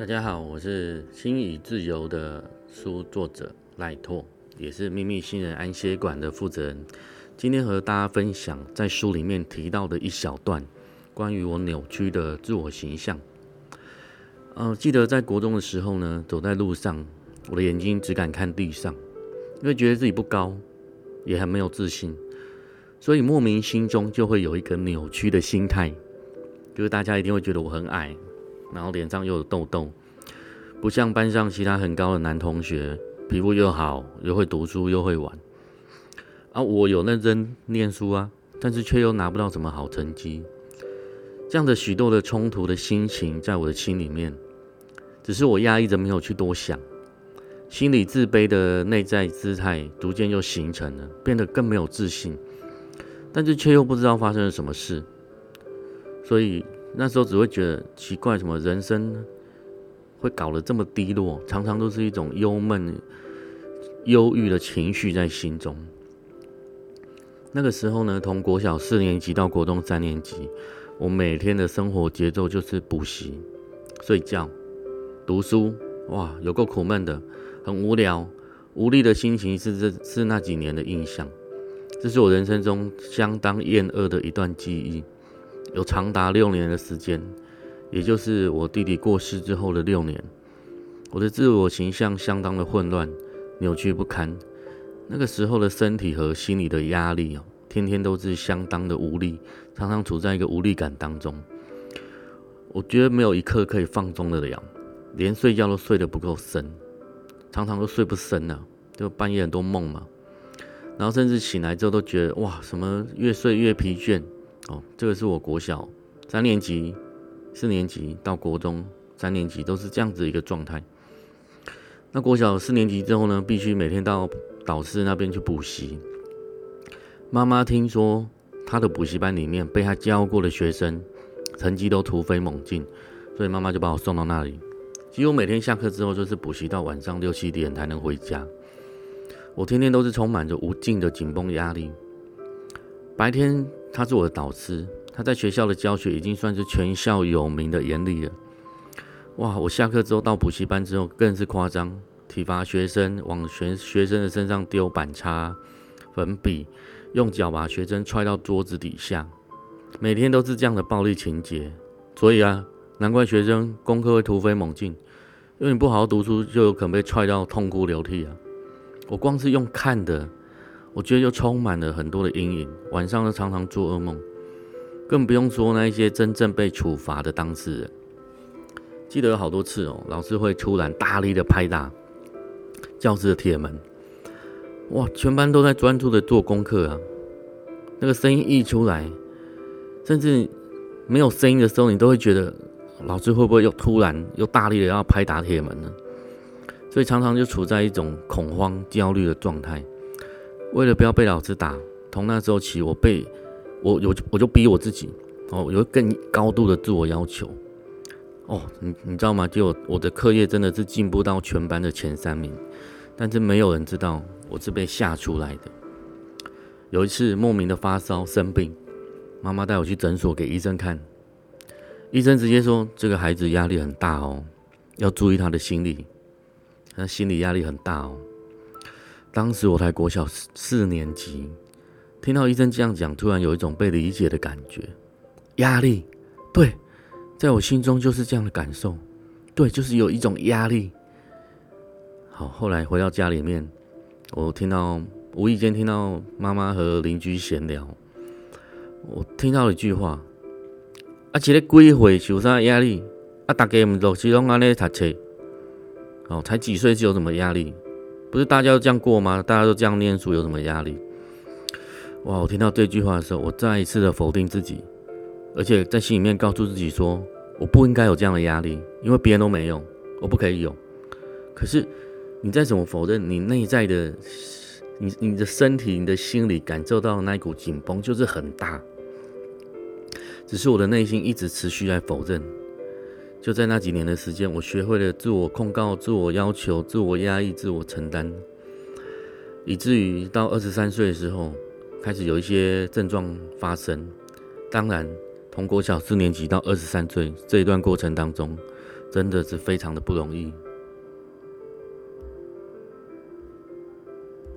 大家好，我是《心已自由》的書作者賴拓，也是祕謐心人安歇館的負責人。今天和大家分享在書裡面提到的一小段關於我扭曲的自我形象。呃，記得在國中的時候呢，走在路上，我的眼睛只敢看地上，因為覺得自己不高，也很沒有自信，所以莫名心中就會有一個扭曲的心態，就是大家一定會覺得我很矮。然後臉上又有痘痘，不像班上其他很高的男同學，皮膚又好，又會讀書，又會玩。啊，我有認真唸書啊，但是卻又拿不到什麼好成績。這樣的許多的衝突的心情在我的心裡面，只是我壓抑着沒有去多想，心裡自卑的內在姿態逐漸又形成了，變得更沒有自信，但是卻又不知道發生了什麼事，所以。那時候只會覺得奇怪，什麼人生會搞得這麼低落？常常都是一種憂悶、憂鬱的情緒在心中。那個時候呢，從國小四年級到國中三年級，我每天的生活節奏就是補習、睡覺、讀書，哇，有夠苦悶的，很無聊、無力的心情，是這是那幾年的印象。這是我人生中相當厭惡的一段記憶。有長達六年的時間，也就是我弟弟過世之後的六年，我的自我形象相當的混亂、扭曲不堪。那個時候的身體和心理的壓力哦，天天都是相當的無力，常常處在一個無力感當中。我覺得沒有一刻可以放鬆的了，連睡覺都睡得不夠深，常常都睡不深了啊，就半夜很多夢嘛。然後甚至醒來之後都覺得哇，什麼越睡越疲倦。哦，這個是我國小三年級、四年級到國中三年級都是這樣子一個狀態。那國小四年級之後呢，必須每天到導師那邊去補習。媽媽聽說他的補習班裡面被他教過的學生成績都突飛猛進，所以媽媽就把我送到那裡。幾乎每天下課之後就是補習到晚上六七點才能回家。我天天都是充滿着無盡的緊繃壓力。白天他是我的導師，他在學校的教學已經算是全校有名的嚴厲了。哇，我下課之後到補習班之後更是誇張，體罰學生，往學學生的身上丟板擦、粉筆，用腳把學生踹到桌子底下，每天都是這樣的暴力情節。所以啊，難怪學生功課會突飛猛進，因為你不好好讀書，就有可能被踹到痛哭流涕啊。我光是用看的。我覺得又充滿了很多的陰影，晚上常常做噩夢，更不用說那一些真正被處罰的當事人。記得有好多次哦，老師會突然大力的拍打教室的鐵門，哇，全班都在專注的做功課啊，那個聲音一出來，甚至沒有聲音的時候，你都會覺得老師會不會又突然又大力的要拍打鐵門呢？所以常常就處在一種恐慌、焦慮的狀態。為了不要被老師打，從那時候起，我被我有我，我就逼我自己哦，有更高度的自我要求哦。你你知道嗎？就我的課業真的是進步到全班的前三名，但是沒有人知道我是被嚇出來的。有一次莫名的發燒生病，媽媽帶我去診所給醫生看，醫生直接說：“這個孩子壓力很大哦，要注意他的心理，他心理壓力很大哦。”當時我才國小四四年級，聽到醫生這樣講，突然有一種被理解的感覺。壓力，對，在我心中就是這樣的感受，對，就是有一種壓力。好，後來回到家裡面，我聽到無意間聽到媽媽和鄰居閒聊，我聽到了一句話：“啊阿杰，規回受啥壓力？啊大家唔都是攏安尼讀冊？哦，才幾歲就有什麼壓力？”不是大家都這樣過嗎？大家都這樣念書，有什麼壓力？哇！我聽到這句話的時候，我再一次的否定自己，而且在心裡面告訴自己說：我不應該有這樣的壓力，因為別人都沒有，我不可以有。可是你再怎麼否認，你內在的、你、你的身體、你的心裡感受到的那一股緊繃就是很大。只是我的內心一直持續在否認。就在那幾年的時間，我學會了自我控告、自我要求、自我壓抑、自我承擔，以至於到二十三歲的時候，開始有一些症狀發生。當然，從國小四年級到二十三歲這一段過程當中，真的是非常的不容易。